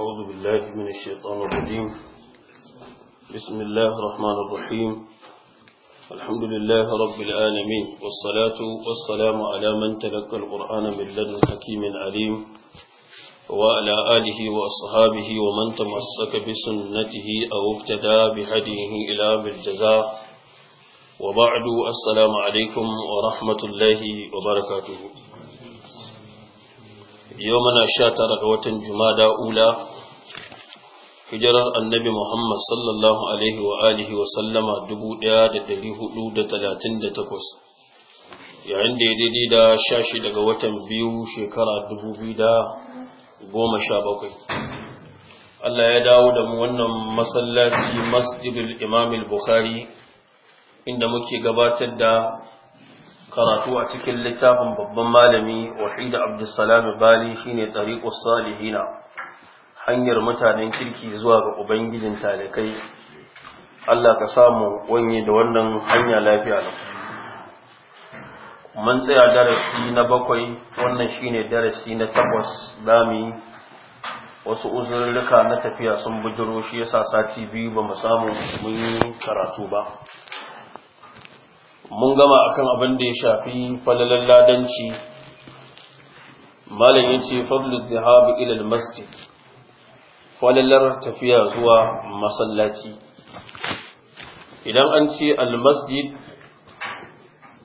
أعوذ بالله من الشيطان الرجيم بسم الله الرحمن الرحيم الحمد لله رب العالمين والصلاة والسلام على من تلقى القرآن من لدن حكيم عليم وعلى آله وأصحابه ومن تمسك بسنته أو افتدى بهديه إلى بالجزاء وبعد السلام عليكم ورحمة الله وبركاته yau mana sha tara ga watan jumada ula hijirar annabi muhammad sallallahu alaihi wa alihi wa sallama 1438 yayin da ya daidai da sha shi daga watan biyu shekara dubu biyu da goma sha bakwai Allah ya dawo da mu wannan masallaci masjidul imamil bukhari inda muke gabatar da karatu a cikin littafin babban malami wahida abdulsalam bali shine tariqus salihina hanyar mutanen kirki zuwa ga ubangijin talikai Allah ka samu wanye da wannan hanya lafiya ne. mun tsaya darasi na bakwai wannan shine darasi na takwas bami wasu uzurrika na tafiya sun bujiro shi yasa sati biyu ba mu samu mun karatu ba mun gama akan abin da ya shafi falalan ladanci malam ya ce fadlul zihabi ila masjid falalar tafiya zuwa masallaci idan an ce almasjid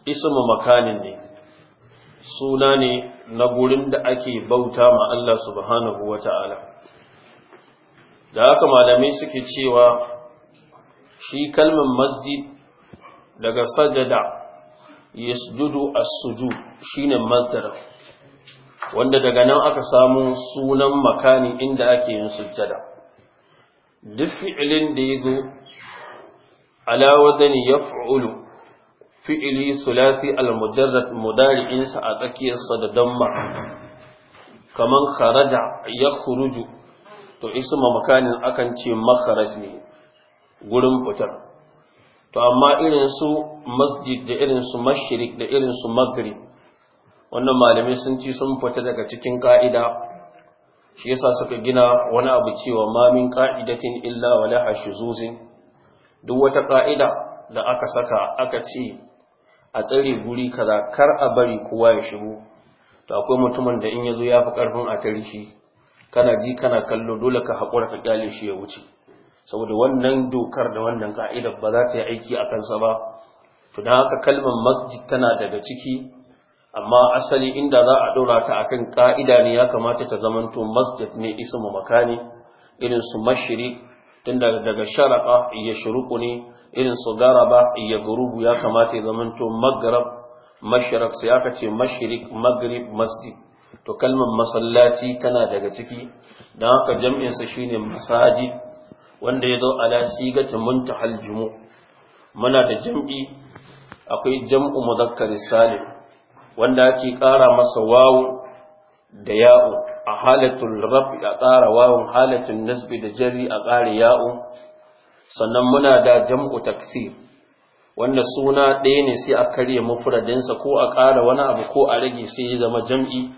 ismu makanin ne suna ne na gurin da ake bauta ma Allah subhanahu wa da haka malamai suke cewa shi kalmar masjid daga sajada yasjudu as-sujud shine masdar wanda daga nan aka samu sunan makani inda ake yin sujada. duk fi'ilin da yazo ala wadani yaf'ulu fi'ili sulasi al-mujarrad mudari'in sa a tsakiyarsa sa da damma kaman kharaja yakhruju to ismu makanin akan ce makharaj ne gurin fitar to amma irin su masjid da irin su mashrik da irin su maghrib wannan malamai sun ci sun fita daga cikin ka'ida shi yasa suka gina wani abu cewa ma min qa'idatin illa wala hashuzuzin duk wata ka'ida da aka saka aka ce a tsare guri kaza kar a bari kowa ya shigo to akwai mutumin da in yazo ya fi karfin a tarihi? kana ji kana kallo dole ka haƙura ka kyale shi ya wuce saboda wannan dokar da wannan ka'idar ba za ta yi aiki a kansa ba to don haka kalmar masjid tana daga ciki amma asali inda za a ɗora ta akan ka'ida ne ya kamata ta zamanto masjid ne ismu makani irin su mashiri tun daga Sharaƙa ya shuruku ne irin su garaba ya gurubu ya kamata ya zamanto maghrib mashrik sai aka ce mashrik maghrib masjid to kalmar masallaci tana daga ciki don haka jam'insa shine masajid wanda ya zo ala sigati muntahal jumu muna da jam'i akwai jam'u muzakkar salim wanda ake ƙara masa wawu da ya'u a halatul rafi a ƙara wawun halatul nasbi da jari a ƙara ya'u sannan muna da jam'u taksir wanda suna ɗaya ne sai a karya mufradinsa ko a ƙara wani abu ko a rage sai ya zama jam'i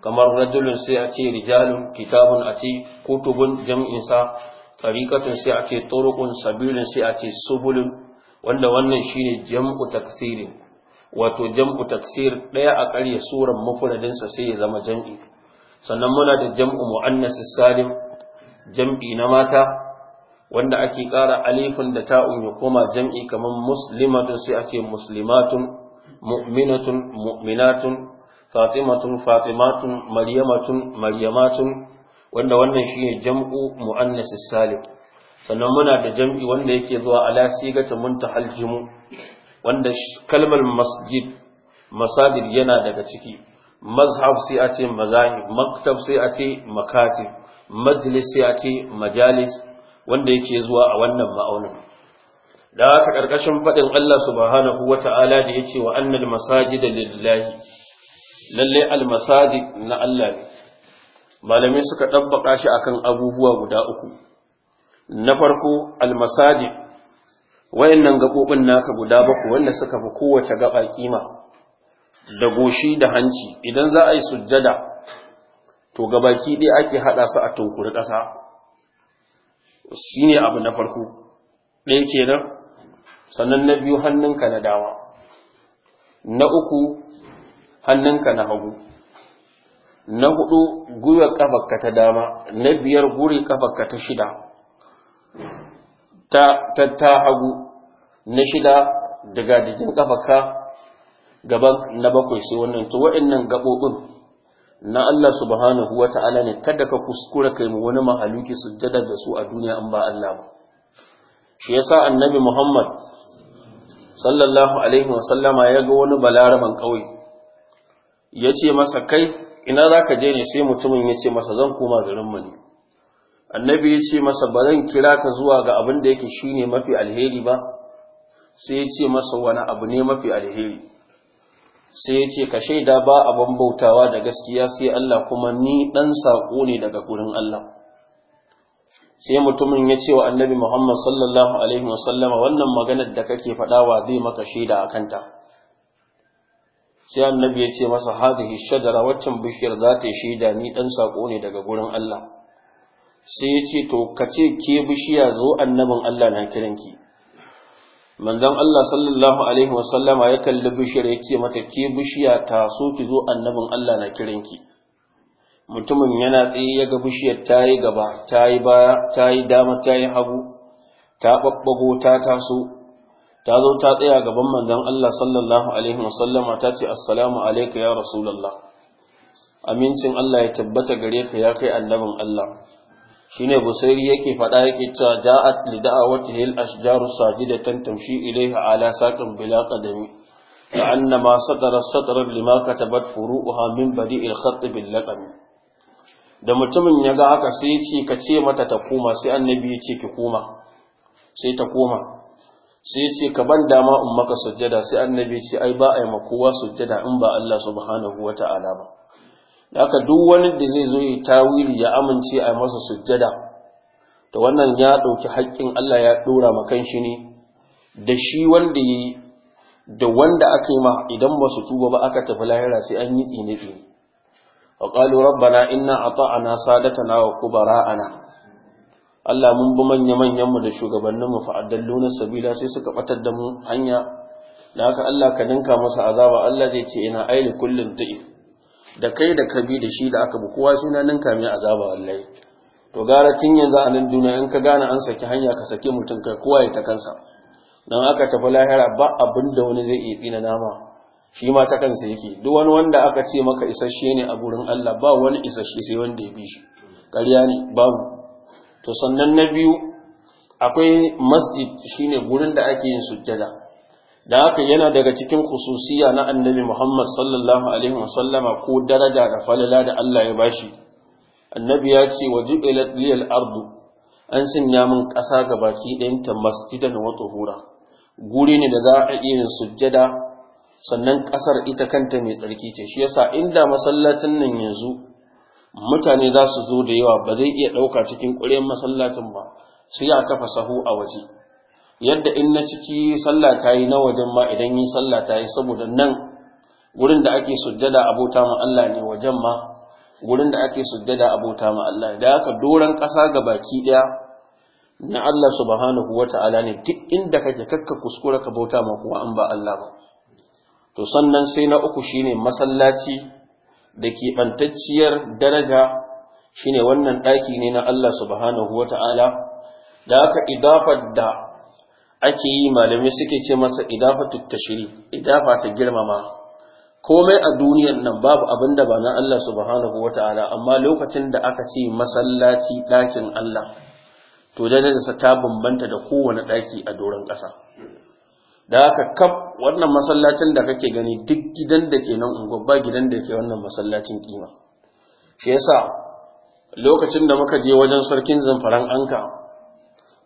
kamar rajulun sai a ce rijalun kitabun a ce kutubun jam'insa tariqatun sai a ce turuqun sabirin sai a ce subulun wanda wannan shine jam'u taksirin wato jam'u taksir ɗaya a ƙarya suran mufradin sai ya zama jam'i sannan muna da jam'u muannas salim jam'i na mata wanda ake ƙara alifin da ta'un ya koma jam'i kamar muslimatun sai a ce muslimatun mu'minatun mu'minatun fatimatun fatimatun maryamatun maryamatun wanda wannan shine jam'u muannas salim sannan muna da jam'i wanda yake zuwa a sigata munta jimu wanda kalmar masjid masajid yana daga ciki mazhab sai a ce mazahib maktab sai a ce makatib majlis sai a ce majalis wanda yake zuwa a wannan ma'aunin da haka ƙarƙashin faɗin Allah subhanahu ta'ala da yace wa annal masajida lillahi lallai al na Allah ne malamai suka ɗabbaka shi akan abubuwa guda uku na farko almasajid wayannan gaɓoɓin naka guda baku wanda suka fi kowace gaɓa kima da goshi da hanci idan za a yi sujjada to gabaki ɗaya ake haɗa su a tunkuri ƙasa Shi ne abu na farko ɗaya kenan sannan na biyu hannunka na dama na uku hannunka na hagu na hudu gwiwar kafarka ta dama na biyar guri kafarka ta shida ta ta hagu na shida daga jikin kafarka gaban na bakwai sai wannan to wa'annan gabobin na Allah subhanahu wata'ala ne kada ka kuskura kai mu wani mahaluki sujjada da su a duniya an ba Allah ba shi yasa annabi Muhammad sallallahu alaihi wasallama ya ga wani balaraman kauye yace masa kai ina za ka je ne sai mutumin ya ce masa zan koma garinmu ne annabi ya ce masa ba zan kira ka zuwa ga abin da yake ne mafi alheri ba sai ya ce masa wani abu ne mafi alheri sai ya ce ka shaida ba abin bautawa da gaskiya sai Allah kuma ni dan sako ne daga gurin Allah sai mutumin ya ce wa annabi Muhammad sallallahu alaihi wasallama wannan maganar da kake faɗawa zai maka shaida a kanta sai annabi ya ce masa hadhihi shajara waccan bishiyar za ta shaida ni dan sako ne daga gurin Allah sai ya ce to ka ce ke bishiya zo annabin Allah na kiranki manzon Allah sallallahu alaihi wasallama ya kalli bishiyar ya ke mata ke bishiya ta so ki zo annabin Allah na kiranki mutumin yana tsaye ya ga bishiyar ta yi gaba ta yi baya ta dama ta yi hagu ta babbago ta taso ta zo ta tsaya gaban manzon Allah sallallahu alaihi wasallama ta ce assalamu alayka ya rasulullah amincin Allah ya tabbata gare ka ya kai annabin Allah shine busairi yake faɗa yake cewa da'at li da'awatihi al-ashjaru sajidatan tamshi ilayha ala saqin bila qadami ka'annama satara satara lima katabat furu'uha min badi'il khatt bil laqami da mutumin ya ga haka sai ya ce ka ce mata ta koma sai annabi ya ce ki koma sai ta koma sai ya ce ka ban dama in maka sujjada sai annabi ce ai ba a yi makowa sujjada in ba Allah subhanahu wa ta'ala ba haka duk wani da zai zo yi tawili ya amince a masa sujjada to wannan ya ɗauki haƙƙin Allah ya ɗora ma shi ne da shi wanda yi da wanda aka yi ma idan ba su tuba ba aka tafi lahira sai an yi tsine tsine wa qalu rabbana inna ata'ana sadatana wa kubara'ana Allah mun bi manya-manyan mu da shugabannin mu fa'addalluna sabila sai suka batar da mu hanya da haka Allah ka ninka masa azaba Allah zai ce ina aili kullum da'i da kai da kabi da shi da aka bi kowa suna ninka mai azaba wallahi to gara tun yanzu a nan duniya in ka gane an saki hanya ka saki mutum kai kowa ya ta kansa dan aka tafi lahira ba abin da wani zai iya na nama shi ma ta kansa yake duk wani wanda aka ce maka isasshe ne a gurin Allah ba wani isasshe sai wanda ya bi shi ƙarya ne babu to sannan na biyu akwai masjid shine gurin da ake yin sujjada da haka yana daga cikin kususiya na annabi Muhammad sallallahu alaihi wasallama ko daraja da falala da Allah ya bashi annabi ya ce wa ju'ilat ardu an sanya min ƙasa ga baki ɗayanta masjidan wa tuhura guri ne da za a iya yin sujjada sannan ƙasar ita kanta mai tsarki ce shi yasa inda masallacin nan yanzu mutane za su zo da yawa ba zai iya ɗauka cikin ƙuryar masallacin ba sai ya kafa sahu a waje yadda in na ciki sallah ta yi na wajen ma idan yi sallah ta yi saboda nan wurin da ake sujjada abota ma Allah ne wajen ma wurin da ake sujjada abota ma Allah da haka doran ƙasa ga baki ɗaya na Allah subhanahu Ta'ala ne duk inda kake kakka kuskura ka bauta ma kuma an ba Allah ba to sannan sai na uku shine masallaci da keɓantacciyar daraja shine wannan ɗaki ne na Allah subhanahu ta'ala). da aka idafar da ake yi malamai suke ce masa idafatu tashri idafa ta girmama komai a duniyan nan babu abin da ba na Allah subhanahu ta'ala) amma lokacin da aka ce masallaci ɗakin Allah to da ta bambanta da kowane ɗaki a doron ƙasa da aka kaf wannan masallacin da kake gani duk gidan da ke nan unguwa ba gidan da ke wannan masallacin kima shi yasa lokacin da muka je wajen sarkin zamfaran anka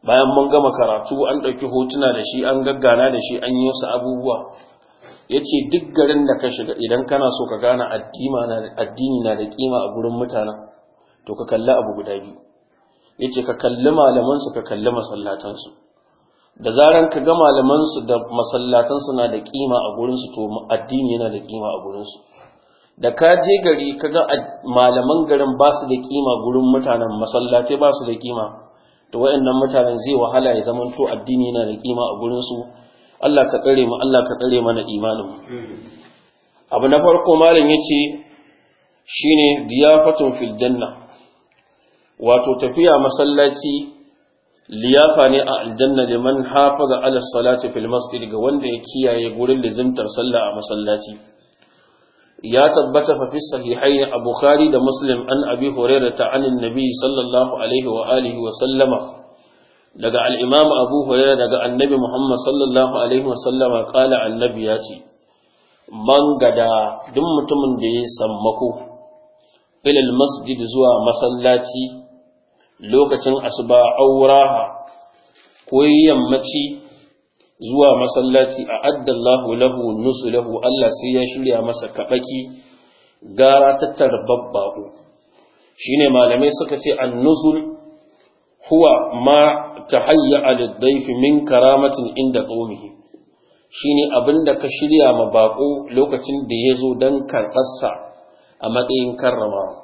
bayan mun gama karatu an ɗauki hotuna da shi an gaggana da shi an yi wasu abubuwa ya ce duk garin da ka shiga idan kana so ka gane addini na da kima a gurin mutanen to ka kalli abu guda biyu ya ce ka kalli malamansu ka kalli masallatansu da zaran ka ga malamansu da masallatansu na da kima a gurinsu to addini yana da kima a gurinsu da ka je gari ka ga malaman garin ba su da kima gurin mutanen masallatai ba su da kima to wayannan mutanen zai wahala ya zama to addini yana da kima a gurinsu Allah ka tsare mu Allah ka tsare mana imanin abu na farko malam yace shine diyafatun fil janna wato tafiya masallaci liyafa ne a aljanna liman hafaza ala salati fil masjid ga wanda ya kiyaye gurin lizimtar sallah a masallaci ya tabbata fa fi sahihaini a bukhari da muslim an abi hurairah ta anin nabi sallallahu alaihi wa alihi wa sallama daga al-imam abu hurairah daga annabi muhammad sallallahu alaihi wa sallama qala annabi ya ce man gada duk mutumin da ya sammako ilal masjid zuwa masallaci lokacin asuba auraha ko yammaci zuwa masallaci a addallahu lahu nusulahu Allah sai ya shirya masa kabaki gara ta tarbabbaku shine malamai suka ce annuzul huwa ma tahayya lid-dayf min karamatin inda qawmihi shine abinda ka shirya ma bako lokacin da yazo dan karbarsa a matsayin karrama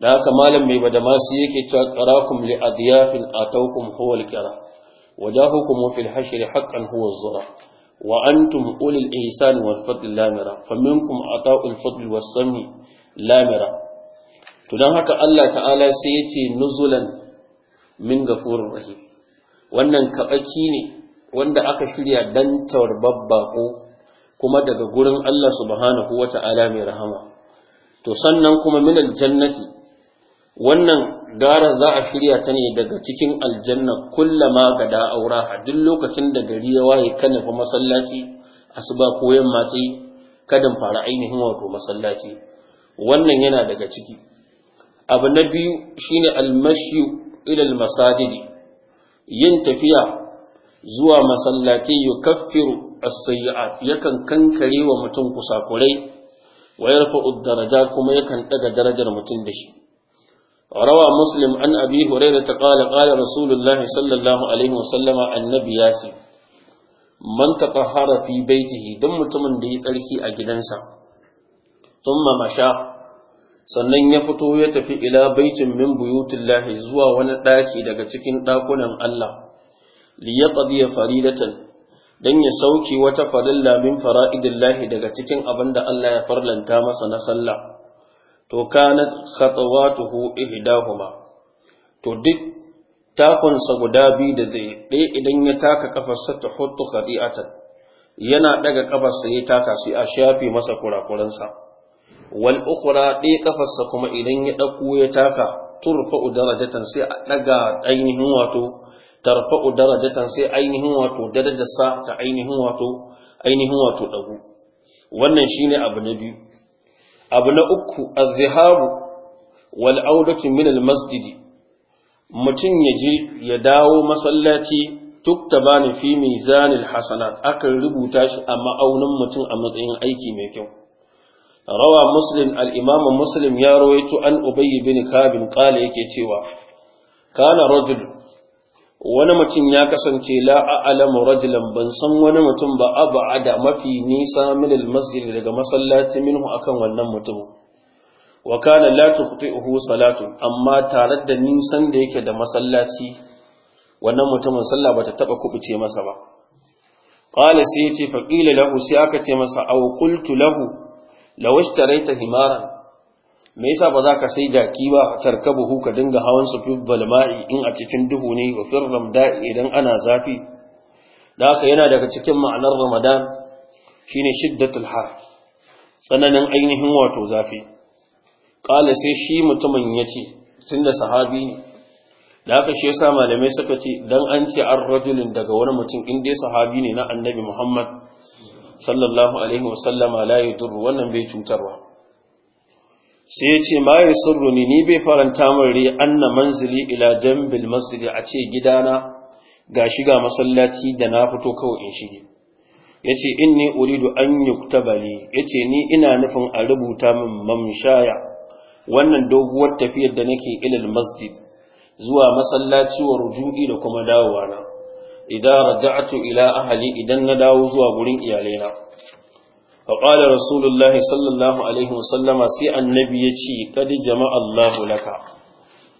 da haka malam mai badamasi yake cewa qarakum li adyafin atawkum huwa al-qira wajahukum fil hashr haqqan huwa zura wa antum ulil ihsan wal fadl lamira a ata'ul fadl wa sami lamira to haka Allah ta'ala sai yace nuzulan min ghafurur rahim wannan kaɓaki ne wanda aka shirya dan tawarbab kuma daga gurin Allah subhanahu Ta'ala mai rahama to sannan kuma min aljannati wannan gara za a shirya ta ne daga cikin aljanna kullama ga da'aura a duk lokacin da gari ya waye kan nufi masallaci asuba ko yamma ce kadan fara ainihin wato masallaci wannan yana daga ciki abu na biyu shine almashi ila almasajidi yin tafiya zuwa masallaci yukaffiru as-sayyi'at yakan kankare wa mutum kusakurai wa yarfa'u daraja kuma yakan daga darajar mutum da shi روى مسلم عن أبي هريرة قال قال رسول الله صلى الله عليه وسلم النبي ياسي من تطهر في بيته دم تمن دي تلكي أجدنسا ثم مشى sannan ya fito ya tafi ila baitin min buyutillahi zuwa wani ɗaki daga cikin ɗakunan Allah li yaqdi faridatan dan ya sauke wata farilla min fara'idillahi daga cikin abin da Allah ya farlanta masa na sallah to kanat khatawatuhu ihdahuma to duk sa guda biyu da zai ɗaya idan ya taka kafarsa ta hutu khadi'atan yana daga kafarsa ya taka sai a shafe masa kurakuransa wal ukhra ɗaya kafarsa kuma idan ya ɗauko ya taka turfa'u darajatan sai a daga ainihin wato tarfa'u darajatan sai ainihin wato darajarsa ta ainihin wato ainihin wato dagu wannan shine abu na biyu abu na uku azihabu wal audatu min al mutum ya je ya dawo masallaci bani fi mizanil hasanat akan rubuta shi a ma'aunin mutum a matsayin aiki mai kyau rawa muslim al-imam muslim ya rawaito an ubayy bin kabin qala yake cewa kana rajul wani mutum ya kasance la a'lamu rajulan ban san wani mutum ba abada mafi nisa min al-masjid daga masallaci minhu akan wannan mutumin wa kana la tuqti'uhu salatu amma tare da nisan da yake da masallaci wannan mutumin sallah bata taba kubuce masa ba qala sai yace faqila lahu sai aka ce masa aw qultu lahu law ishtarayta himaran me yasa ba za ka sai jaki ba tarkabuhu ka dinga hawan su fi balma'i in a cikin duhu ne wa fir ramda'i idan ana zafi da haka yana daga cikin ma'anar ramadan shine shiddatul har tsananin ainihin wato zafi kala sai shi mutumin yace tunda sahabi ne da haka shi yasa malamai suka ce dan an ce ar rajulin daga wani mutum in dai sahabi ne na annabi muhammad sallallahu alaihi wasallama la yadur wannan bai cutarwa sai ya ce ma sirruni ni bai faranta min an na manzili ila jambil masjid a ce gidana ga shiga masallaci da na fito kawai in shige in ni uridu an kutabali ya yace ni ina nufin a rubuta min mamshaya wannan doguwar tafiyar da nake ilal masjid zuwa masallaci wa rujudi da kuma dawowa na idan raja'tu ila ahali idan na dawo zuwa gurin iyalaina faƙala rasulullahi sallallahu alaihi wasallama sai annabi ya ce kadi jama'a Allahu laka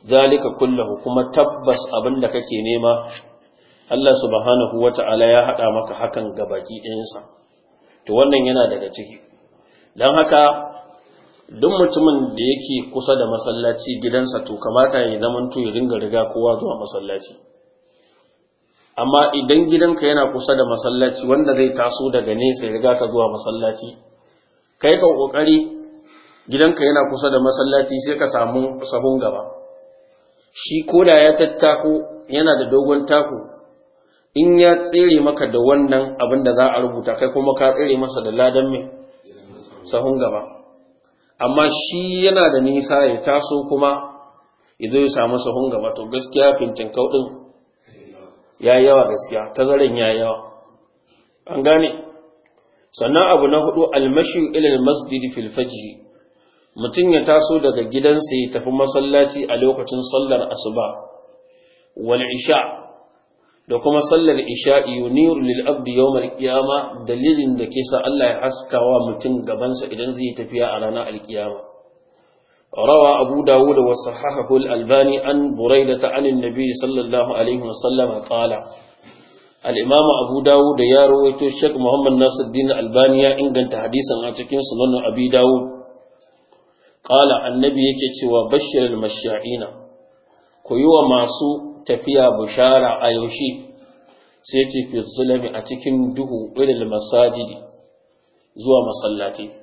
zalika kullahu kuma tabbas abin da kake nema Allah subhanahu wata'ala ya haɗa maka hakan ga baki ɗinsa to wannan yana daga ciki don haka duk mutumin da yake kusa da masallaci gidansa to kamata ya zamanto ya ringa riga kowa zuwa masallaci amma idan gidanka yana kusa da masallaci wanda zai taso daga nesa ya riga ka zuwa masallaci kai ka kokari gidanka yana kusa da masallaci sai ka samu sahun gaba shi koda ya tattako yana da dogon tako in ya tsere maka da wannan abin da za a rubuta kai kuma ka tsere masa da ladan mai sahun gaba amma shi yana da nisa ya taso kuma ya zo ya samu sahun gaba to gaskiya fincin kaudin ya yawa gaskiya tazarin ya yawa an gane sannan abu na hudu almashi ilal masjid fil mutum ya taso daga gidansa ya tafi masallaci a lokacin sallar asuba wal isha da kuma sallar isha'i yuniru lil abdi yawmal kiyama dalilin da ke sa Allah ya haskawa mutum gabansa idan zai tafiya a ranar alkiyama روى أبو داود وصححه الألباني عن بريدة عن النبي صلى الله عليه وسلم قال الإمام أبو داود يروي الشيخ محمد ناصر الدين الألباني إن كنت حديثا عن تكين سنن أبي داود قال النبي يكي وبشر المشاعين كيوا ماسو تفيا بشارة أيوشي سيتي في الظلم أتكين دهو إلى المساجد زوى مسلاتي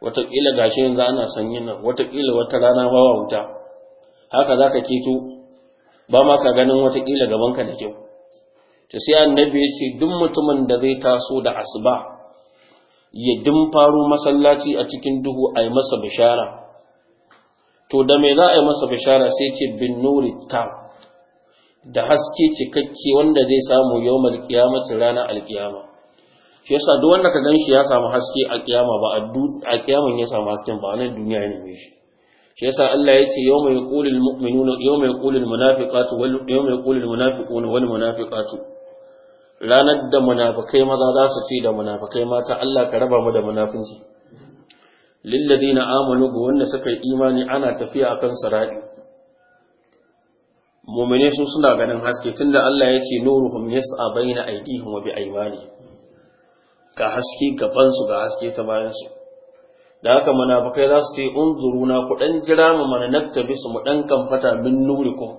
wataƙila gashi yanzu ana sanyin nan wataƙila wata rana ba wuta haka za ka keto ba ma ka ganin wataƙila ka da kyau ta sai annabi ya ce duk mutumin da zai taso da asuba ya dimfaro masallaci a cikin duhu a yi masa bishara to da me za a yi masa bishara sai ce bin nuri ta da haske cikakke wanda zai samu yawmal rana ranar alkiyama shi yasa duk wanda ka ganshi ya samu haske a kiyama ba a kiyaman ya samu hasken ba nan duniya ya neme shi shi yasa Allah ya ce yawma yaqulul mu'minuna yawma yaqulul munafiqatu wal yawma yaqulul munafiquna wal munafiqatu ranar da munafikai maza za su ce da munafikai mata Allah ka raba mu da munafinci lil ladina amanu ga wanda suka yi imani ana tafiya akan sarai mu'mine su suna ganin haske tunda Allah ya ce nuruhum yas'a bayna aydihim wa bi aymanihim ga haske gabansu ga haske ta bayansu da haka munafikai za su ce na ku dan jira mu mana naktabi su mu ɗan kamfata min nurikum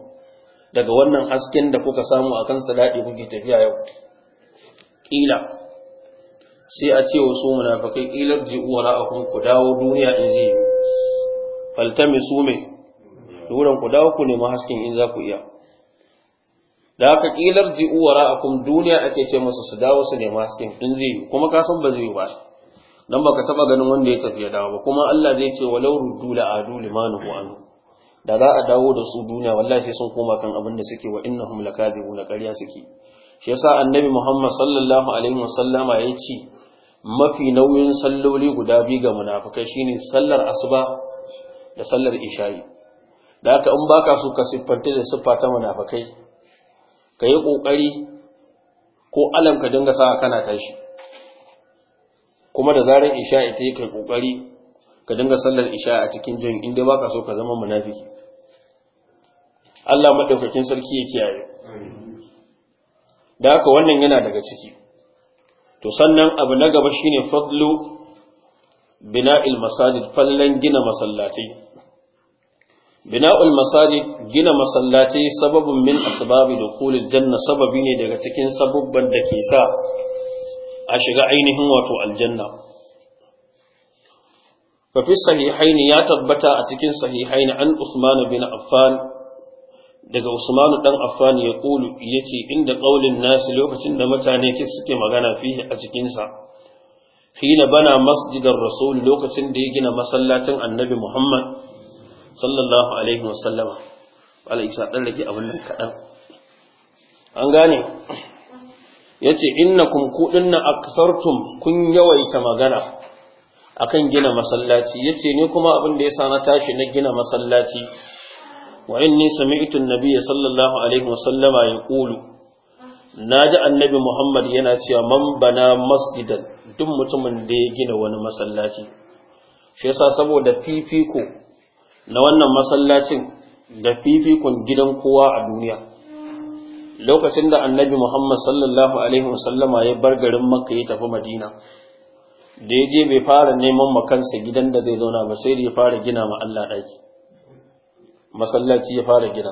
daga wannan hasken da kuka samu a kan saladi kuke tafiya yau kila sai a ce wasu munafikai ji ji'uwa ra'akun ku dawo duniya in ji faltamisu me duran ku dawo ku nemi hasken in za ku iya da haka kilar ji a kun duniya ake ce masa su dawo su nema sin in zai yi kuma ka san ba zai yi ba dan baka taba ganin wanda ya tafi ya dawo ba kuma Allah zai ce walau ruddu la aduli limanuhu an da za a dawo da su duniya wallahi sai sun koma kan abin da suke wa innahum na ƙarya suke shi yasa annabi Muhammad sallallahu alaihi wasallama ya ce mafi nauyin salloli guda biyu ga munafikai shine sallar asuba da sallar isha'i da haka in baka so ka siffanta da siffa ta munafikai ka yi ƙoƙari ko alam ka dinga sa kana tashi kuma da zarar isha'i ta yi kai ƙoƙari ka dinga sallar isha'i a cikin jin inda baka so ka zama munafiki Allah maɗaukakin sarki ya kiyaye da haka wannan yana daga ciki to sannan abu na gaba shine fadlu bina'il masajid fallan gina masallatai bina'ul masajid gina masallaci sabbin min asbabi Kulu janna sababi ne daga cikin sabubban da ke sa a shiga ainihin wato aljanna fa fi ya tabbata a cikin sahihaini an Usman bin Affan daga Usman dan Affan ya kulu yace inda qaulin nasi lokacin da mutane ke suke magana fihi a cikin sa hina bana masjidar rasul lokacin da ya gina masallacin annabi Muhammad sallallahu alaihi wasallama ala isa dan lake abin nan kadan an gane yace innakum na aksartum kun yawaita magana akan gina masallaci yace ne kuma abin da yasa na tashi na gina masallaci wa inni sami'tu an-nabiyya sallallahu alaihi wasallama yaqulu naji annabi Muhammad yana cewa man bana masjidan duk mutumin da ya gina wani masallaci shi yasa saboda fifiko na wannan masallacin da fifikon gidan kowa a duniya lokacin da annabi muhammad sallallahu alaihi wasallama ya bar garin makka ya tafi madina da ya je bai fara neman makansa gidan da zai zauna ba sai da ya fara gina ma allah ɗaki masallaci ya fara gina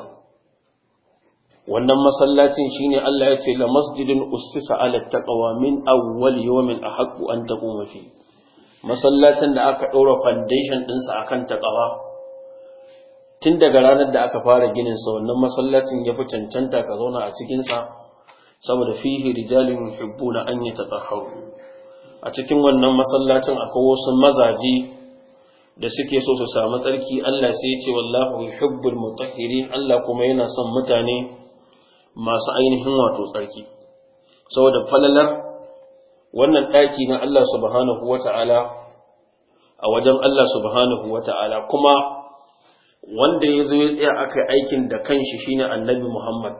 wannan masallacin shine allah ya ce la masjidin ussisa ala taqwa min awwal yawmin ahqqu an taquma fi masallacin da aka ɗora foundation ɗinsa akan taqwa tun daga ranar da aka fara ginin sa wannan masallacin ya fi cancanta ka zauna a cikin sa saboda fihi rijalin yuhibbuna an yatatahharu a cikin wannan masallacin akwai wasu mazaje da suke so su samu tsarki Allah sai ya ce wallahu yuhibbul mutahhirin Allah kuma yana son mutane masu ainihin wato tsarki saboda falalar wannan ɗaki na Allah subhanahu wata'ala a wajen Allah subhanahu wata'ala kuma wanda ya zo ya tsaya aka aikin da kanshi shine annabi Muhammad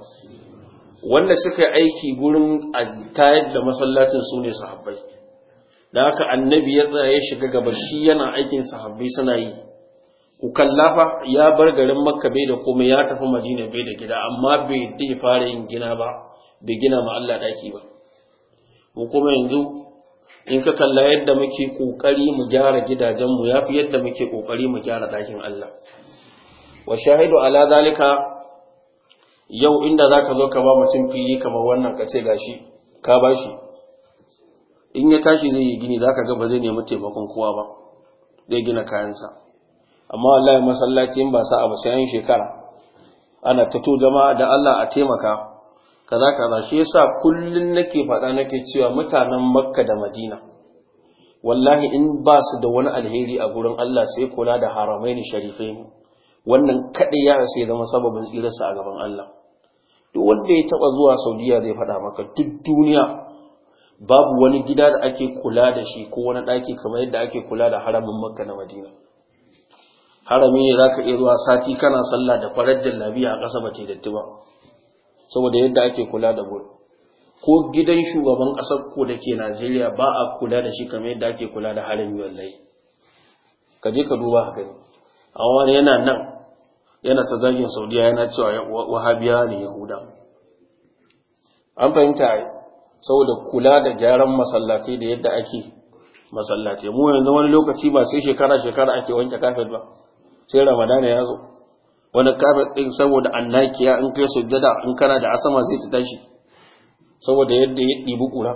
wanda suka yi aiki gurin tayar da masallacin su ne sahabbai da haka annabi ya tsaya ya shiga gaba shi yana aikin sahabbai suna yi Ku kallafa ya bar garin makka bai da komai ya tafi madina bai da gida amma bai da fara yin gina ba bai gina ma Allah daki ba mu kuma yanzu in ka kalla yadda muke kokari mu gyara gidajenmu yafi yadda muke kokari mu gyara dakin Allah wa shahidu ala zalika yau inda za ka zo ka ba mutum fili kamar wannan ka ce gashi ka bashi in ya tashi zai yi gini za ka ba zai nemi taimakon kowa ba zai gina kayansa amma wallahi masallaci in ba sa a sai 'yan shekara ana fito zama da Allah a taimaka kaza kaza shi yasa kullun nake faɗa nake cewa mutanen Makka da Madina wallahi in ba su da wani alheri a gurin Allah sai kula da haramai haramaini sharifai wannan kaɗai ya sai zama sababin tsirarsa a gaban Allah duk wanda ya taɓa zuwa saudiya zai faɗa maka duk duniya babu wani gida da ake kula da shi ko wani ɗaki kamar yadda ake kula da haramin makka na madina harami ne za ka iya zuwa sati kana sallah da farar jallabiya a ƙasa ba ta datti ba saboda yadda ake kula da gudu ko gidan shugaban ƙasar ko da Najeriya ba a kula da shi kamar yadda ake kula da harami wallahi ka je ka duba haka wani yana nan yana ta zagin saudiya yana cewa wahabiya ne yahuda an fahimta saboda kula da gyaran masallaci da yadda ake masallaci mu yanzu wani lokaci ba sai shekara-shekara ake wanke kafet ba sai ramadana ya zo wani kafet ɗin saboda annakiya in kai sujjada in kana da asama zai ta tashi saboda yadda ya ɗibi ƙura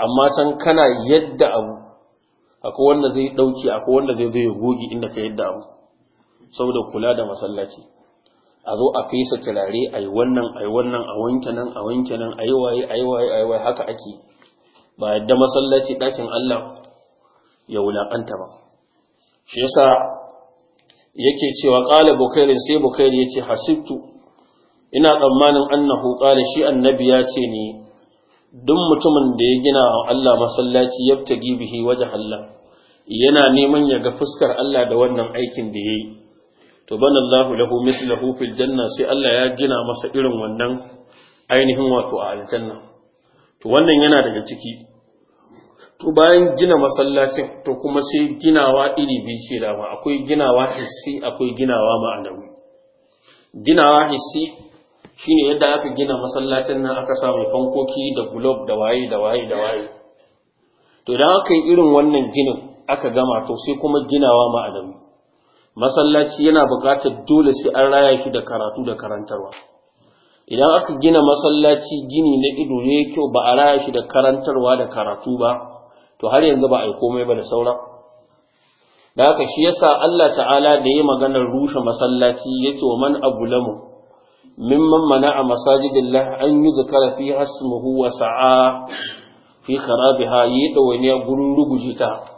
amma san kana yadda abu akwai wanda zai ɗauki akwai wanda zai zai goge inda ka yadda abu saboda kula da masallaci a zo a fesa turare a yi wannan a yi wannan a wanke nan a wanke nan a yi waye a yi waye a yi waye haka ake ba yadda masallaci ɗakin Allah ya wulaƙanta ba shi yasa yake cewa ƙala bukairi sai bukairi ya ce hasibtu ina tsammanin annahu ƙala shi annabi ya ce ne duk mutumin da ya gina wa Allah masallaci yabtagi bihi waje Allah yana neman ya ga fuskar Allah da wannan aikin da ya yi to banallahu lahu mithlahu fil janna sai Allah ya gina masa irin wannan ainihin wato a aljanna to wannan yana daga ciki to bayan gina masallacin to kuma sai ginawa iri biyu ce da ma akwai ginawa hissi akwai ginawa ma'anawi ginawa hissi shine yadda aka gina masallacin nan aka sa fankoki da gulob da waye da waye da waye to idan aka yi irin wannan ginin aka gama to sai kuma ginawa ma'anawi masallaci yana buƙatar dole sai an raya shi da karatu da karantarwa idan aka gina masallaci gini na ido ne kyau ba a raya shi da karantarwa da karatu ba to har yanzu ba a yi komai ba da saura. da haka shi yasa Allah ta'ala da ya maganar rushe masallaci yake wa man abulamu mimman mana'a masajidillah an yi zakara fi hasmuhu wa sa'a fi kharabiha yi dawaniya gurin ruguji ta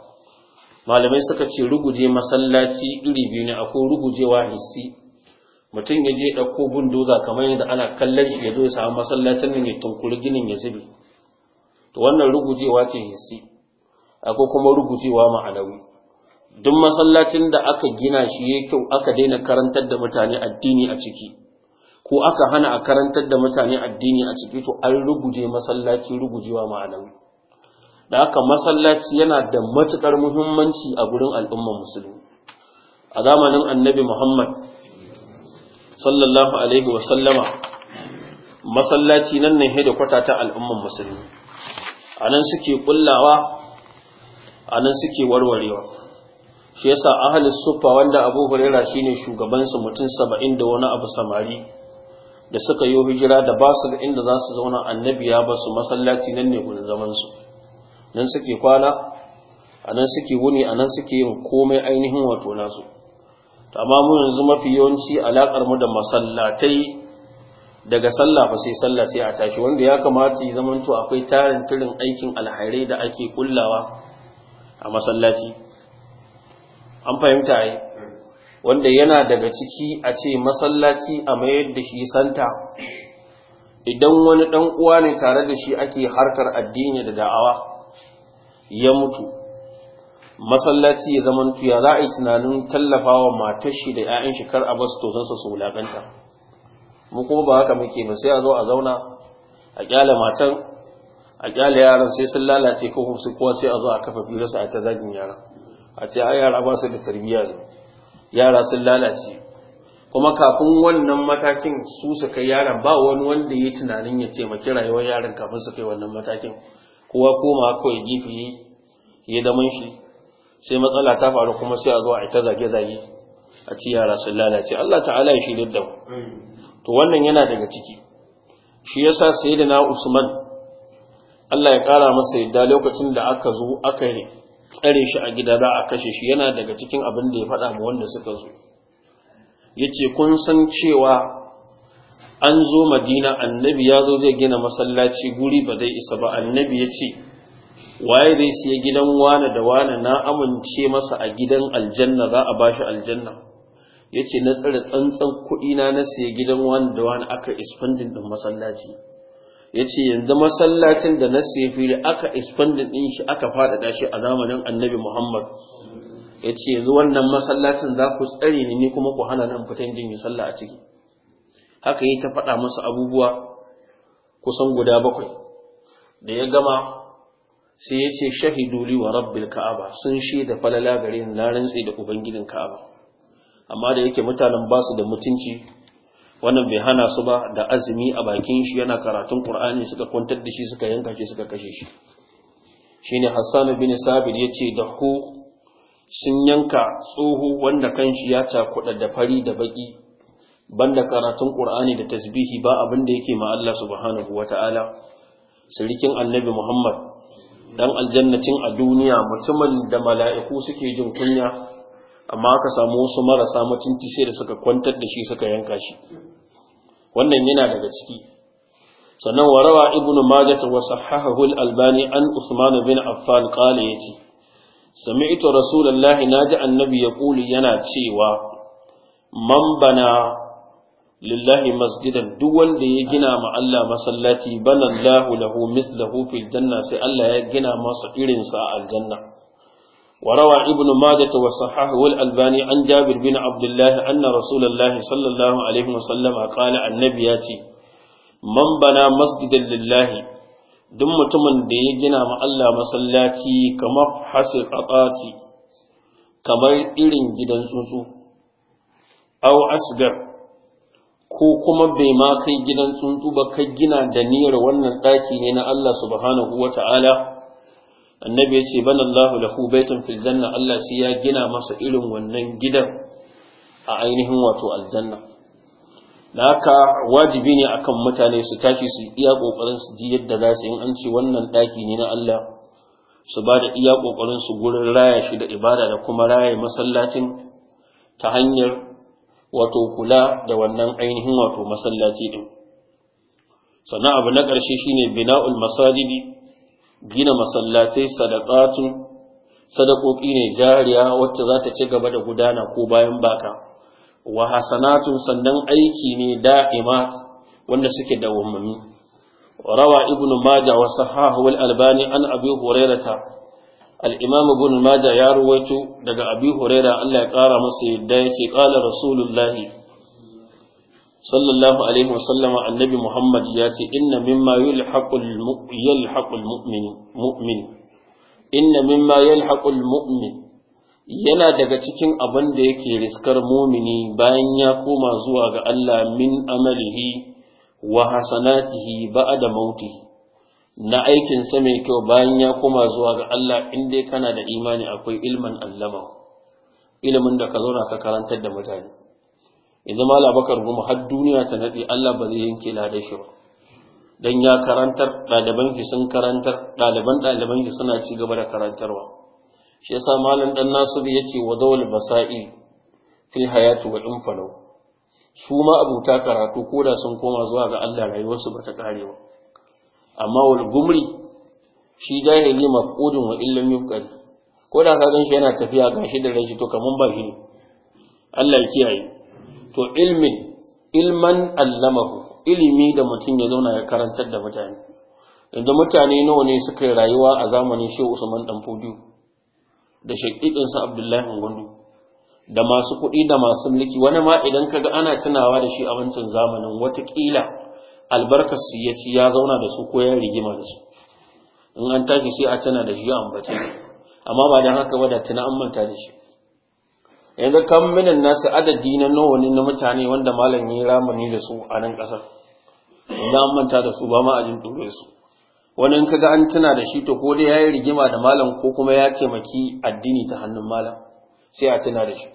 malamai suka ce ruguje masallaci iri biyu ne akwai rugujewa hissi mutum ya je ɗauko bundoza kamar yadda ana kallon shi ya zo ya samu masallacin da ya tunkuri ginin ya zube to wannan rugujewa ce hissi akwai kuma rugujewa ma'anawi duk masallacin da aka gina shi ya kyau aka daina karantar da mutane addini a ciki ko aka hana a karantar da mutane addini a ciki to an ruguje masallaci rugujewa ma'anawi da haka masallaci yana da matukar muhimmanci a gurin al'umman musulmi a zamanin annabi muhammad sallallahu alaihi wasallama masallaci nan ne da kwata ta al'umman musulmi a nan suke kullawa a nan suke warwarewa shi yasa ahalin sufa wanda abu hurera shine shugabansu mutum saba'in da wani abu samari da suka yi hijira da ba su da inda za su zauna annabi ya ba su masallaci nan ne gurin zamansu nan suke kwana a nan suke wuni a nan suke yin komai ainihin wato nasu amma mu yanzu mafi yawanci alakar mu da masallatai daga sallah fa sai sallah sai a tashi wanda ya kamata ya to akwai tarin tirin aikin alhairai da ake kullawa a masallaci an fahimta ai wanda yana daga ciki a ce masallaci a mayar da shi santa idan wani dan uwa ne tare da shi ake harkar addini da da'awa ya mutu masallaci ya zaman tuya za a yi tunanin tallafawa matar shi da 'ya'yan shi kar a basu tozansa su wulaƙanta mu kuma ba haka muke ba sai a zo a zauna a kyale matan a kyale yaran sai sun lalace ko su kowa sai a zo a kafa su a ta zagin yara a ce ai yara ba su da tarbiyya ne yara sun lalace kuma kafin wannan matakin su su kai yaran ba wani wanda ya yi tunanin ya taimaki rayuwar yaran kafin su kai wannan matakin kowa koma kawai gifi ya daman shi sai matsala ta faru kuma sai a zo a ita zage-zage a ci yara sun lalace Allah ta'ala ya shi da to wannan yana daga ciki shi yasa sai da na usman Allah ya kara masa yadda lokacin da aka zo aka tsare shi a gida za a kashe shi yana daga cikin abin da ya faɗa ma wanda suka zo yace kun san cewa an zo madina annabi ya zo zai gina masallaci guri ba zai isa ba annabi ya ce waye zai siya gidan wane da wane na amince masa a gidan aljanna za a bashi aljanna ya ce na tsare tsantsan kuɗina na siya gidan wane da wane aka isfandin ɗin masallaci ya ce yanzu masallacin da na siya fili aka isfandin ɗin shi aka faɗaɗa shi a zamanin annabi muhammad ya ce yanzu wannan masallacin za ku tsare ni kuma ku hana nan fitan jin yi sallah a ciki haka yi ta faɗa masa abubuwa kusan guda bakwai da ya gama sai ya ce shahiduli wa rabbil ka'aba sun shaida falala gare ni na rantsi da ubangijin ka'aba amma da yake mutanen ba su da mutunci wannan bai hana su ba da azumi a bakin shi yana karatun qur'ani suka kwantar da shi suka yanka shi suka kashe shi shine hassan bin sabir yace da ku sun yanka tsoho wanda kanshi ya takuɗa da fari da baki banda karatun Qur'ani da tasbihi ba abin da yake ma Allah subhanahu wata'ala sirikin annabi Muhammad dan aljannacin a duniya mutumin da mala'iku suke jin kunya amma aka samu wasu marasa mutunci sai da suka kwantar da shi suka yanka shi wannan yana daga ciki sannan warawa Ibnu majah wa sahahahu al-albani an usman bin affan qala yati sami'tu rasulullahi naji annabi yaqulu yana cewa man bana lillahi masjidan duk wanda ya gina ma Allah masallaci banallahu lahu mithlahu fil janna sai Allah ya gina masa irin sa aljanna وروى Ibnu ماجة وصححه الألباني عن جابر بن عبد الله أن رسول الله صلى الله عليه وسلم قال النبي ياتي من بنى مسجدا لله duk mutumin da ya gina ma Allah masallaci kamar hasir qatati kamar irin gidan tsuntsu Au asgar ko kuma bai ma kai gidan tsuntsu ba kai gina da niyyar wannan ɗaki ne na Allah subhanahu wata'ala annabi ya ce banallahu lahu baitan fil janna Allah sai ya gina masa irin wannan gidan a ainihin wato aljanna da haka wajibi ne akan mutane su tashi su iya kokarin su ji yadda za su yi an ce wannan daki ne na Allah su ba da iya kokarin su gurin raya shi da ibada da kuma raya masallacin ta hanyar wato kula da wannan ainihin wato masallaci din sannan abu na ƙarshe shine bina'ul masajidi gina masallatai sadaqatu sadaqoki ne jariya wacce za ta ci gaba da gudana ko bayan baka wa hasanatu sannan aiki ne da'ima wanda suke da dawwammami rawa ibnu majah wa sahahu al-albani an abi hurairata الإمام ابن ماجه يروي دغ أبي هريرة الله يقرأ مسي دايتي قال رسول الله صلى الله عليه وسلم النبي محمد ياتي إن مما يلحق يلحق المؤمن مؤمن إن مما يلحق المؤمن yana daga cikin abin da yake riskar mumini bayan ya koma zuwa ga Allah min amalihi wa hasanatihi ba'da mautihi na aikin sa mai kyau bayan ya koma zuwa ga Allah in dai kana da imani akwai ilman allama ilimin da ka zauna ka karantar da mutane idan ma labakar goma har duniya ta nadi Allah ba zai yanke da shi ba dan ya karantar ɗaliban shi sun karantar ɗaliban ɗaliban shi suna ci gaba da karantarwa shi yasa malam dan nasir yace wa dawal basa'i fil hayati wa infalo su ma abuta karatu koda sun koma zuwa ga Allah rayuwarsu ba ta karewa. amma wal gumri shi jahili mafqudun wa illam yuqad ko da ka gan shi yana tafiya gashi da rashi to kaman ba shi Allah ya kiyaye to ilmin ilman allamahu ilimi da mutum ya zauna ya karantar da mutane yanzu mutane nawa ne suka yi rayuwa a zamanin Shehu Usman dan Fodiyo da sa Abdullahi Gondo da masu kuɗi da masu mulki wani ma idan kaga ana tunawa da shi a wancan zamanin watakila albarkar su ya ci ya zauna da su ko ya rigima da su in an tashi sai a tana da shi an bace amma ba dan haka ba da tuna an manta da shi yanzu kan minan nasu adadi na nawa ne na mutane wanda malam yi ramani da su a nan kasar da an manta da su ba ma ajin dore su wani in kaga an tuna da shi to ko dai yayi rigima da malam ko kuma ya taimaki addini ta hannun malam sai a tuna da shi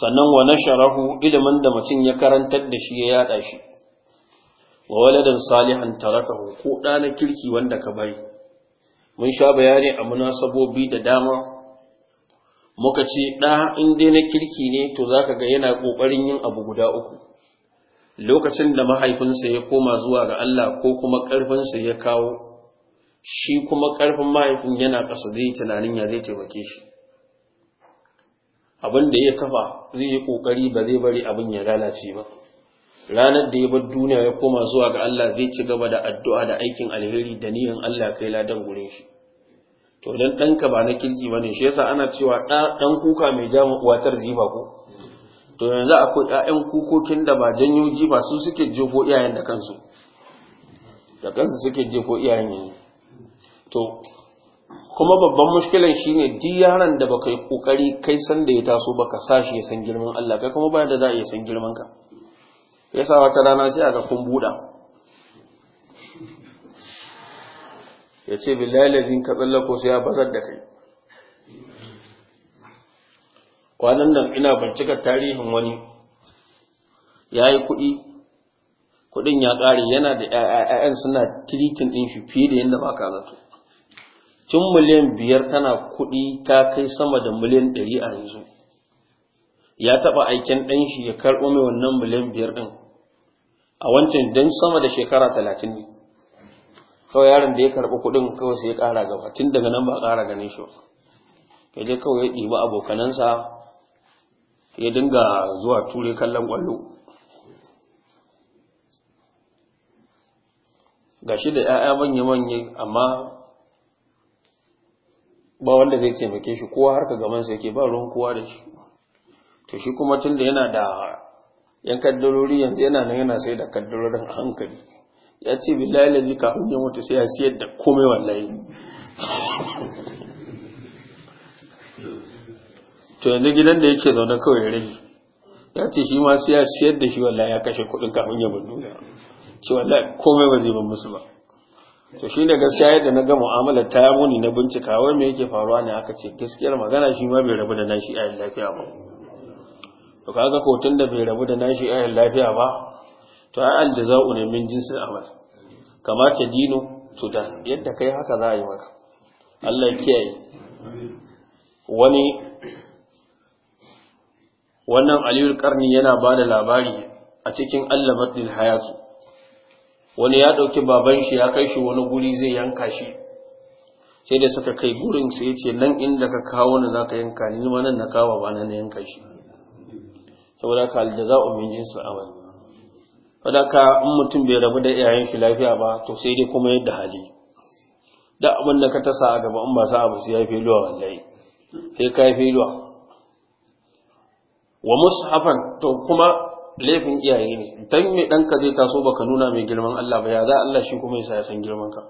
sannan wa nasharahu ilimin da mutum ya karantar da shi ya yada shi wa waladan salihan tarakahu ko ɗa na kirki wanda ka bari mun sha bayani a munasabobi da dama muka ce ɗa in dai na kirki ne to zaka ga yana ƙoƙarin yin abu guda uku lokacin da mahaifinsa ya koma zuwa ga Allah ko kuma ƙarfinsa ya kawo shi kuma ƙarfin mahaifin yana ƙasa zai tunanin ya zai taimake shi abin da ya kafa zai yi ƙoƙari ba zai bari abin ya lalace ba ranar da ya bar duniya ya koma zuwa ga Allah zai ci gaba da addu'a da aikin alheri da niyan Allah kai ladan gurin shi to dan ɗanka ba na kirki ba ne shi yasa ana cewa ɗan kuka mai ja watar jiba ko to yanzu akwai 'ya'yan kukokin da ba janyo jiba su suke jefo iyayen da kansu da kansu suke jefo iyayen yanzu to kuma babban mushkilan shine di yaran da baka yi kokari kai san da ya taso baka shi ya san girman Allah kai kuma ba da za a iya san girman ka yasa wata rana sai aga kun buɗa ya ce billahi ka tsallako sai ya bazar da kai kwanan nan ina bincika tarihin wani ya yi kuɗi kuɗin ya ƙare yana da ‘ya'yan suna tiritin ɗin shi fiye da yadda ba ka zato tun miliyan biyar tana kuɗi ta kai sama da miliyan ɗari a yanzu ya taɓa aikin ɗan shi ya karɓo mai wannan miliyan biyar ɗin a wancan don sama da shekara talatin ne kawai yaron da ya karɓi kuɗin kawai sai ya ƙara gaba tun daga nan ba a ƙara ganin shi ba je kawai ya ɗiba abokanansa ya dinga zuwa ture kallon ƙwallo ga shi da 'ya'ya manya-manya amma ba wanda zai taimake shi kowa harka gamansa yake ba ruwan kowa da shi to shi kuma tun da yana da yan kaddarori yanzu yana nan yana sai da kaddarorin hankali ya ce billahi lazi kafin ya mutu sai ya siyar da komai wallahi to yanzu gidan da yake zaune kawai ya rage ya ce shi ma sai ya siyar da shi wallahi ya kashe kuɗin kafin ya bar duniya ce wallahi komai ba zai ban musu ba to shi ne gaskiya yadda na ga mu'amala ta muni na bincika wai me yake faruwa ne aka ce gaskiyar magana shi ma bai rabu da nashi a lafiya ba to kaga ko da bai rabu da nashi ayin lafiya ba to ai aljaza'u ne min jinsin amal kama ta dino tudan yadda kai haka za a yi maka Allah ya kiyaye wani wannan aliyul karni yana ba da labari a cikin allabatul hayatu wani ya ɗauki baban shi ya kai shi wani guri zai yanka shi sai da suka kai gurin sai ya ce nan inda ka kawo ni za ka yanka ni ma nan na kawo ba nan na yanka shi saboda ka aljaza'u min jinsil amal saboda ka in mutum bai rabu da iyayen shi lafiya ba to sai dai kuma yadda hali da abin da ka tasa a gaba in ba sa abu sai ya yi luwa wallahi sai ka yi wa mushafan to kuma laifin iyaye ne dan me ka zai taso baka nuna mai girman Allah ba ya za Allah shi kuma yasa ya san girman ka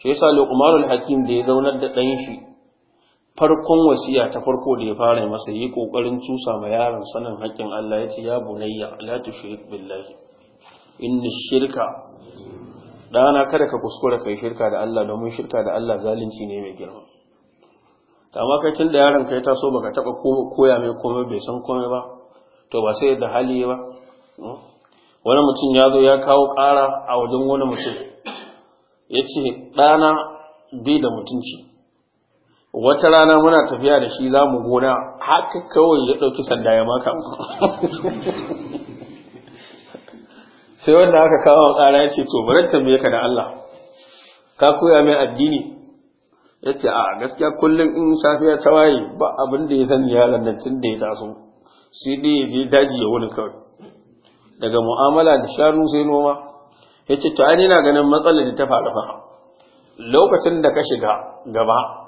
shi yasa Luqmanul Hakim da ya zaunar da ɗan shi farkon wasiya ta farko da ya fara masa yi kokarin cusa ma yaron sanin haƙƙin Allah ya ce ya bunayya la tushrik billahi inna shirka dana kada ka kuskura kai shirka da Allah domin shirka da Allah zalunci ne mai girma amma kai tun da yaron kai taso baka taba koya mai komai bai san komai ba to ba sai da hali ba wani mutum ya zo ya kawo ƙara a wajen wani mutum ya ce ɗana bai da mutunci wata rana muna tafiya da shi za mu gona haka kawai ya ɗauki sanda ya maka sai wanda aka kawo tsara ya ce to bari tambaye ka da Allah ka koya mai addini ya ce a gaskiya kullum in safiya ta waye ba abin da ya sani ya nan da ya taso sai dai ya je daji ya wani kawai daga mu'amala da shanu sai noma ya ce to ai na ganin matsalar da ta faru fa lokacin da ka shiga gaba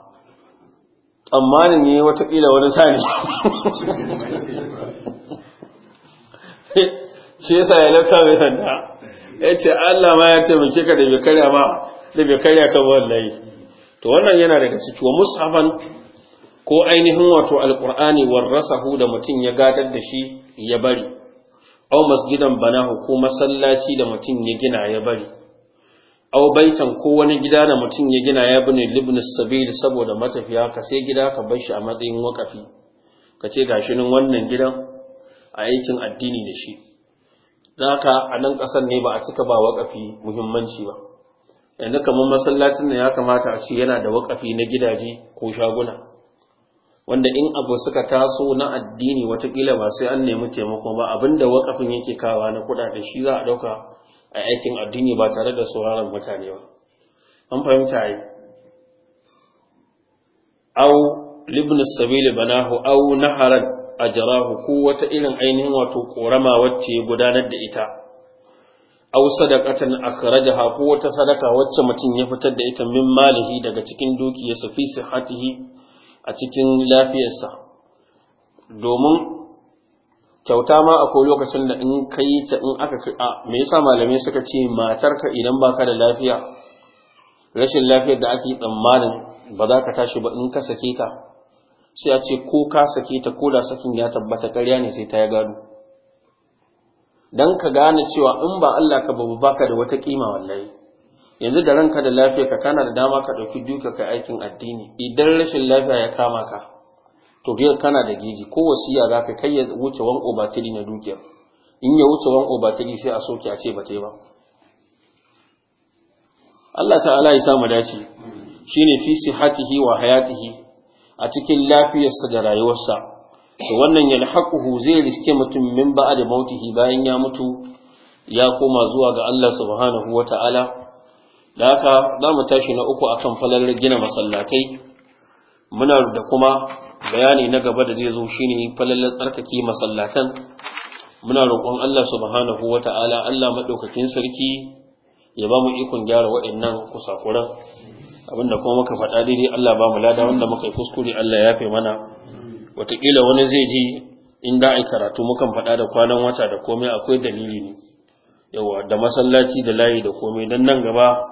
tsammanin ne watakila wani sani shi yasa ya lafta mai sanda ya ce Allah ma ya ce mai ka da bai karya ba da bai karya ka wallahi to wannan yana daga cikin wa ko ainihin wato alqur'ani warrasahu da mutum ya gadar da shi ya bari aw gidan banahu ko masallaci da mutum ya gina ya bari au baitan ko wani gida da mutum ya gina ya bune libn sabil saboda matafiya ka sai gida ka bar shi a matsayin wakafi ka ce gashi nan wannan gidan a aikin addini da shi zaka a nan kasar ne ba a cika ba wakafi muhimmanci ba yanzu kamar masallacin da ya kamata a ce yana da wakafi na gidaje ko shaguna wanda in abu suka taso na addini watakila ba sai an nemi taimako ba abinda wakafin yake kawa na kuɗaɗe shi za a ɗauka a aikin addini ba tare da sauraron mutane ba an fahimta yi au libn sabili banahu au naharan ajrahu ko wata irin ainihin wato korama wacce ya gudanar da ita au sadaqatan akhrajaha ko wata sadaka wacce mutum ya fitar da ita min malihi daga cikin dukiyarsa fi sihatihi a cikin lafiyarsa domin kyauta ma akwai lokacin da in ka ta in aka a me yasa malamai suka ce matarka idan baka da lafiya rashin lafiyar da ake tsammanin ba za ka tashi ba in ka sake ta sai a ce ko ka sake ta ko da sakin ya tabbata ƙarya ne sai ta ya gado dan ka gane cewa in ba Allah ka babu baka da wata kima wallahi yanzu da ranka da ka kana da dama ka ɗauki duka kai aikin addini idan rashin lafiya ya kama ka to biyar kana da gigi ko wasiya za ka kai ya wuce wan obatiri na dukiyar in ya wuce wan obatiri sai a soke a ce ba ta ba Allah ta'ala ya samu dace shine fi Hatihi wa hayatihi a cikin lafiyarsa da rayuwarsa to wannan haƙuhu zai riske mutum min ba'a da mautihi bayan ya mutu ya koma zuwa ga Allah subhanahu wata'ala da haka za mu tashi na uku akan falalar gina masallatai muna da kuma bayani na gaba da zai zo shine falallar tsarkake masallatan muna roƙon Allah subhanahu wata'ala Allah madaukakin sarki ya ba mu ikon gyara waɗannan kusakuran abinda kuma muka faɗa daidai Allah ba mu lada wanda muka yi kuskure Allah ya fi mana wataƙila wani zai ji in da ai karatu mukan faɗa da kwanan wata da komai akwai dalili ne yawa da masallaci da layi da komai dan nan gaba